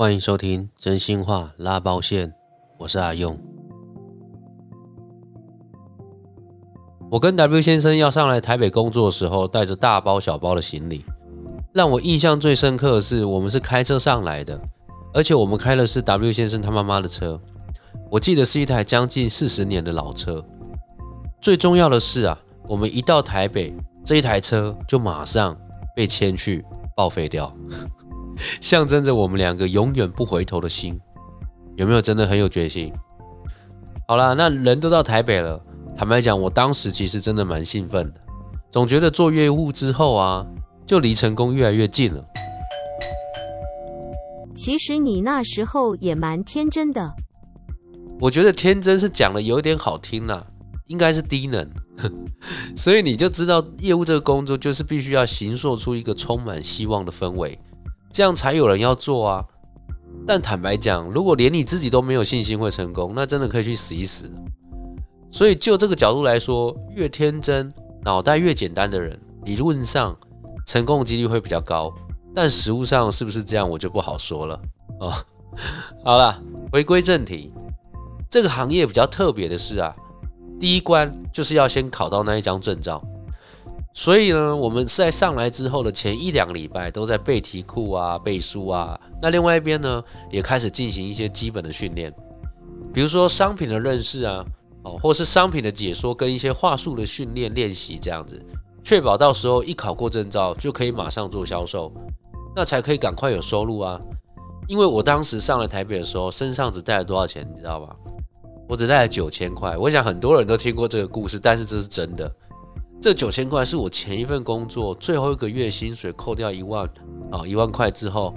歡迎收聽真心話拉包線，我是阿用。我跟 W 先生要上來台北工作的時候，帶着大包小包的行李。讓我印象最深刻的是，我們是開車上來的，而且我們開的是 W 先生他媽媽的車。我記得是一台將近四十年的老車。最重要的是啊，我們一到台北，這一台車就馬上被牽去報廢掉。象徵着我們兩個永遠不回頭的心，有沒有真的很有決心？好啦，那人都到台北了。坦白講，我當時其實真的蠻興奮的，總覺得做業務之後啊，就離成功越來越近了。其實你那時候也蠻天真的，我覺得天真是講的有點好聽啦、啊，應該是低能，哼。 所以你就知道業務這個工作就是必須要形塑出一個充滿希望的氛圍。這樣才有人要做啊！但坦白講，如果連你自己都沒有信心會成功，那真的可以去死一死。所以就這個角度來說，越天真、腦袋越簡單的人，理論上成功幾率會比較高。但實務上是不是這樣，我就不好說了。哦， 好了，回歸正題，這個行業比較特別的是啊，第一關就是要先考到那一張證照。所以呢，我們在上來之後的前一兩個禮拜都在背題庫啊、背書啊。那另外一邊呢，也開始進行一些基本的訓練，比如說商品的認識啊，哦，或是商品的解說跟一些話術的訓練練習這樣子，確保到時候一考過證照就可以馬上做銷售，那才可以趕快有收入啊。因為我當時上了台北的時候，身上只帶了多少錢，你知道吧？我只帶了九千塊。我想很多人都聽過這個故事，但是這是真的。這九千塊是我前一份工作最後一個月薪水扣掉一萬，啊、哦，一萬塊之後，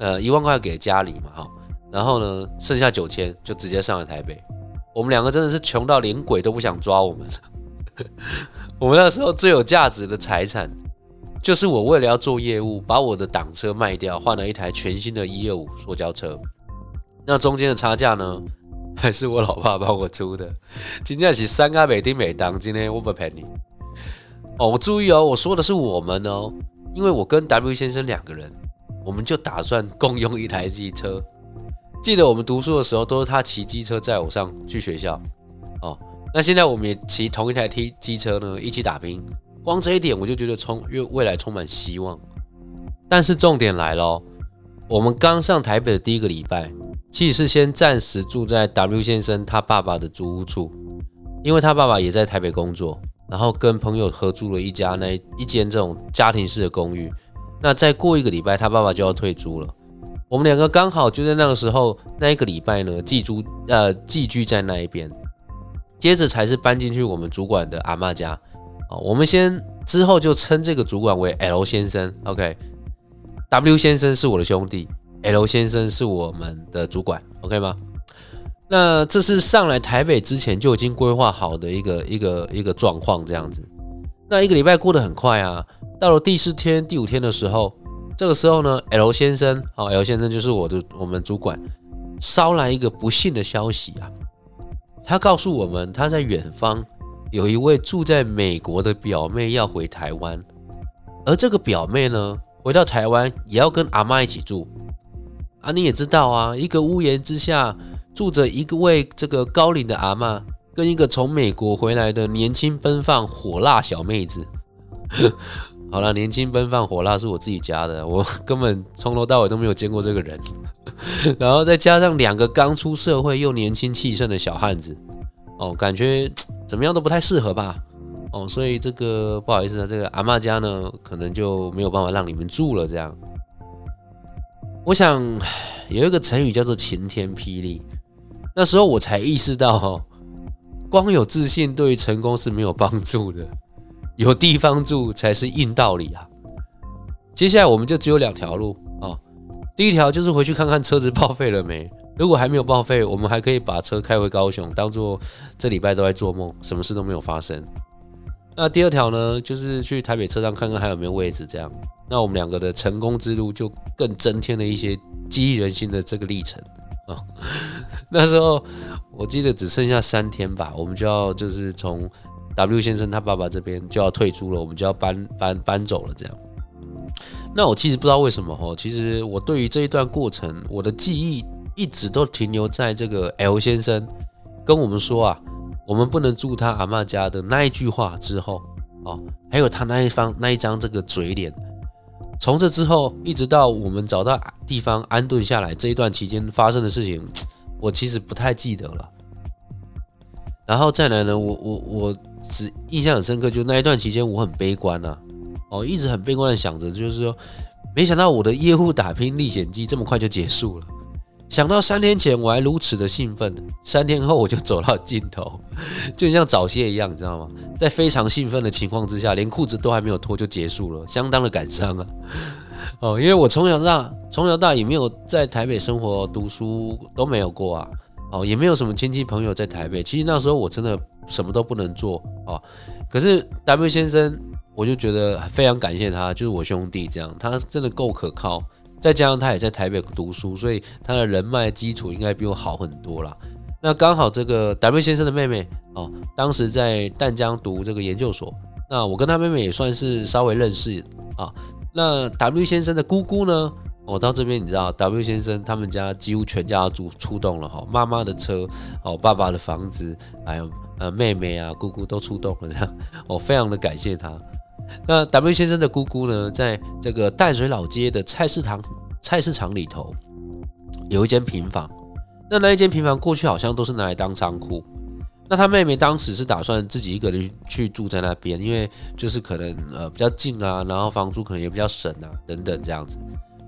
呃，一萬塊給家裡嘛，哈、哦，然後呢，剩下九千就直接上了台北。我們兩個真的是窮到連鬼都不想抓我們了。 我們那時候最有價值的財產，就是我為了要做業務，把我的檔車賣掉，換了一台全新的一二五塑膠車。那中間的差價呢，還是我老爸幫我出的。今天是三個美丁美檔，今天我不陪你。哦，我注意哦，我說的是我們哦，因為我跟 W 先生兩個人，我們就打算共用一台機車。記得我們讀書的時候，都是他騎機車載我上去學校。哦，那現在我們也騎同一台 T 機車呢，一起打拼。光這一點，我就覺得充，因為未來充滿希望。但是重點來咯哦，我們剛上台北的第一個禮拜，其實是先暫時住在 W 先生他爸爸的租屋處，因為他爸爸也在台北工作。然後跟朋友合租了一家那一,一間這種家庭式的公寓，那再過一個禮拜，他爸爸就要退租了。我們兩個剛好就在那個時候那一個禮拜呢寄租呃寄居在那一邊，接着才是搬進去我們主管的阿嬤家。哦，我們先之後就稱這個主管為 L 先生，OK？W 先生是我的兄弟，L 先生是我們的主管，OK 嗎？那這是上來台北之前就已經規劃好的一個一個一個，一個狀況這樣子。那一個禮拜過得很快啊，到了第四天、第五天的時候，這個時候呢，L 先生，好，L 先生就是我的我們主管，捎來一個不幸的消息啊。他告訴我們，他在遠方有一位住在美國的表妹要回台灣，而這個表妹呢，回到台灣也要跟阿媽一起住。啊，你也知道啊，一個屋檐之下。住着一個位這個高齡的阿嬤，跟一個從美國回來的年輕奔放火辣小妹子。 好了，年輕奔放火辣是我自己加的，我根本從頭到尾都沒有見過這個人。 然後再加上兩個剛出社會又年輕氣盛的小漢子，哦，感覺怎麼樣都不太適合吧？哦，所以這個不好意思啊，這個阿嬤家呢，可能就沒有辦法讓你們住了。這樣，我想有一個成語叫做晴天霹靂。那時候我才意識到，哦，光有自信對於成功是沒有幫助的，有地方住才是硬道理啊！接下來我們就只有兩條路、喔、第一條就是回去看看車子報廢了沒，如果還沒有報廢，我們還可以把車開回高雄，當做這禮拜都在做夢，什麼事都沒有發生。那第二條呢，就是去台北車站看看還有沒有位置，這樣，那我們兩個的成功之路就更增添了一些激勵人心的這個歷程啊、喔。那時候我記得只剩下三天吧，我們就要就是從 W 先生他爸爸這邊就要退租了，我們就要搬搬搬走了這樣。那我其實不知道為什麼哦，其實我對於這一段過程，我的記憶一直都停留在這個 L 先生跟我們說啊，我們不能住他阿嬤家的那一句話之後哦，還有他那一方那一張這個嘴臉。從這之後一直到我們找到地方安頓下來這一段期間發生的事情。我其實不太記得了，然後再來呢，我我我只印象很深刻，就那一段期間我很悲觀啊。哦，一直很悲觀的想着，就是說，沒想到我的業務打拼歷險記這麼快就結束了，想到三天前我還如此的興奮，三天後我就走到盡頭，就像早洩一樣，你知道嗎？在非常興奮的情況之下，連褲子都還沒有脫就結束了，相當的感傷啊。哦，因為我從小到大，從小到大也沒有在台北生活、讀書都沒有過啊。哦，也沒有什麼親戚朋友在台北。其實那時候我真的什麼都不能做哦，可是 W 先生，我就覺得非常感謝他，就是我兄弟這樣，他真的夠可靠。再加上他也在台北讀書，所以他的人脈基礎應該比我好很多啦。那剛好這個 W 先生的妹妹哦，當時在淡江讀這個研究所，那我跟他妹妹也算是稍微認識啊。哦那 W 先生的姑姑呢？我、哦、到這邊你知道，W 先生他們家幾乎全家都出動了哈，媽、哦、媽的車，哦，爸爸的房子，還有呃、啊、妹妹啊姑姑都出動了這樣，我、哦、非常的感謝他。那 W 先生的姑姑呢，在這個淡水老街的菜市場菜市場裡頭有一間平房，那那一間平房過去好像都是拿來當倉庫。那他妹妹當時是打算自己一個人去住在那邊，因為就是可能呃比較近啊，然後房租可能也比較省啊，等等這樣子。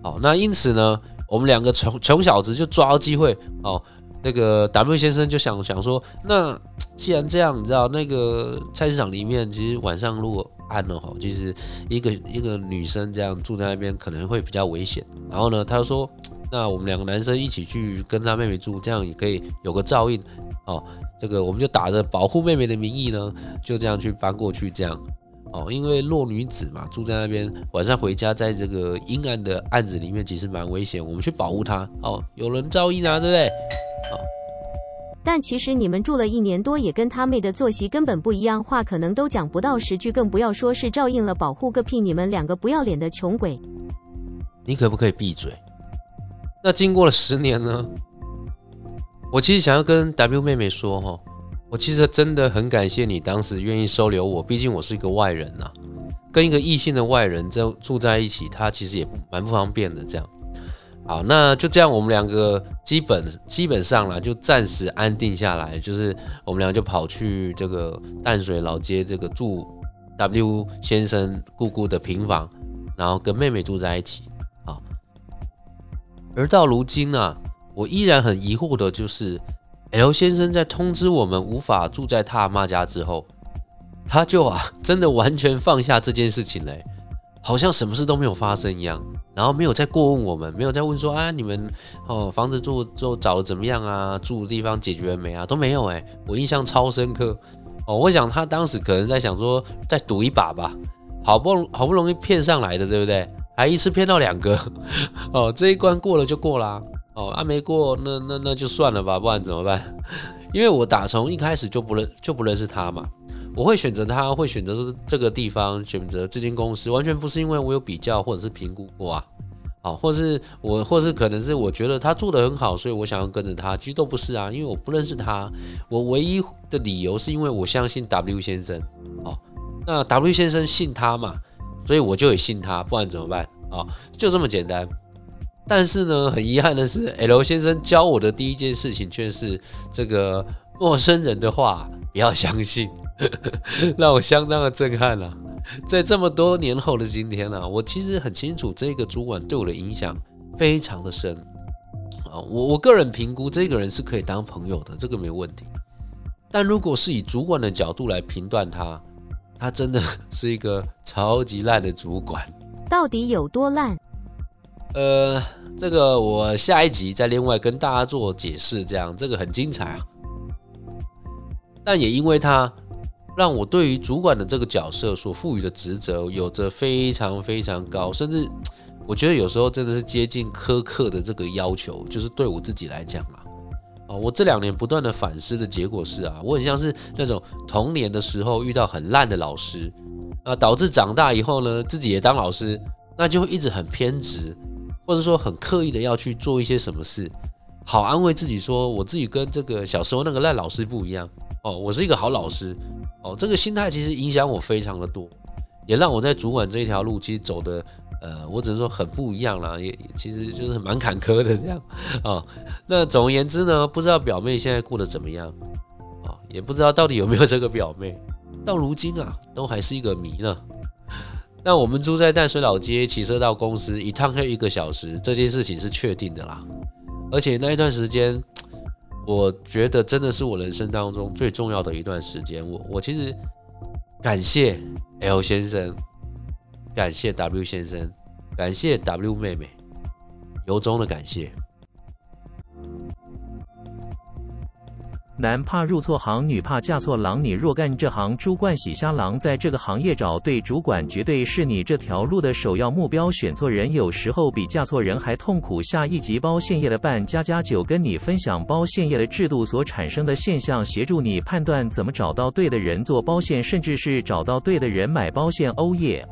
好，那因此呢，我們兩個窮窮小子就抓到機會哦。那個 W 先生就想想說，那既然這樣，你知道那個菜市場裡面其實晚上如果暗了哈，其實一個一個女生這樣住在那邊可能會比較危險。然後呢，他說，那我們兩個男生一起去跟他妹妹住，這樣也可以有個照應哦。這個我們就打着保護妹妹的名義呢，就這樣去搬過去，這樣哦，因為弱女子嘛，住在那邊晚上回家，在這個陰暗的案子裡面，其實蠻危險。我們去保護她哦，有人照應啊，對不對？哦，但其實你們住了一年多，也跟他妹的作息根本不一樣，話可能都講不到十句，更不要說是照應了，保護個屁！你們兩個不要臉的窮鬼，你可不可以閉嘴？那經過了十年呢？我其實想要跟 W 妹妹說哈、哦，我其實真的很感謝你當時願意收留我，畢竟我是一個外人吶、啊，跟一個異性的外人這樣住在一起，他其實也蠻不方便的。這樣，好，那就這樣，我們兩個基本基本上了、啊，就暫時安定下來，就是我們兩個就跑去這個淡水老街這個住 W 先生姑姑的平房，然後跟妹妹住在一起。好，而到如今呢、啊？我依然很疑惑的就是，L 先生在通知我們無法住在他媽家之後，他就啊真的完全放下這件事情嘞，好像什麼事都沒有發生一樣，然後沒有再過問我們，沒有再問說，啊你們哦房子住之後找的怎麼樣啊，住的地方解決了沒啊，都沒有誒，我印象超深刻哦，我想他當時可能在想說再賭一把吧，好不容好不容易騙上來的，對不對？還一次騙到兩個哦，這一關過了就過啦，啊。哦，啊，沒過，那那那就算了吧，不然怎麼辦？因為我打從一開始就不認就不認識他嘛，我會選擇他，會選擇這這個地方，選擇這間公司，完全不是因為我有比較或者是評估過啊，好、哦，或是我，或是可能是我覺得他做得很好，所以我想要跟着他，其實都不是啊，因為我不認識他，我唯一的理由是因為我相信 W 先生，哦，那 W 先生信他嘛，所以我就也信他，不然怎麼辦？哦，就這麼簡單。但是呢，很遺憾的是，L 先生教我的第一件事情卻是這個陌生人的話不要相信， 讓我相當的震撼了、啊。在這麼多年後的今天呢、啊，我其實很清楚這個主管對我的影響非常的深。我我個人評估這個人是可以當朋友的，這個沒問題。但如果是以主管的角度來評斷他，他真的是一個超級爛的主管。到底有多爛？呃。這個我下一集再另外跟大家做解釋，這樣這個很精彩啊。但也因為它讓我對於主管的這個角色所賦予的職責，有着非常非常高，甚至我覺得有時候真的是接近苛刻的這個要求，就是對我自己來講啊，啊、哦，我這兩年不斷的反思的結果是啊，我很像是那種童年的時候遇到很爛的老師啊、呃，導致長大以後呢，自己也當老師，那就會一直很偏執。或者說很刻意的要去做一些什麼事，好安慰自己說，我自己跟這個小時候那個爛老師不一樣哦，我是一個好老師哦。這個心態其實影響我非常的多，也讓我在主管這一條路其實走的，呃，我只能說很不一樣啦，也其實就是蠻坎坷的這樣啊、哦。那總而言之呢，不知道表妹現在過得怎麼樣啊、哦，也不知道到底有沒有這個表妹，到如今啊都還是一個謎呢。那我們住在淡水老街，騎車到公司一趟要一個小時，這件事情是確定的啦。而且那一段時間，我覺得真的是我人生當中最重要的一段時間。我我其實感謝 L 先生，感謝 W 先生，感謝 W 妹妹，由衷的感謝。男怕入錯行，女怕嫁錯郎。你若幹這行，主管喜瞎郎，在這個行業找對主管，絕對是你這條路的首要目標。選錯人，有時候比嫁錯人還痛苦。下一集包餡業的扮家家酒，加加 9, 跟你分享包餡業的制度所產生的現象，協助你判斷怎麼找到對的人做包餡，甚至是找到對的人買包餡。歐耶！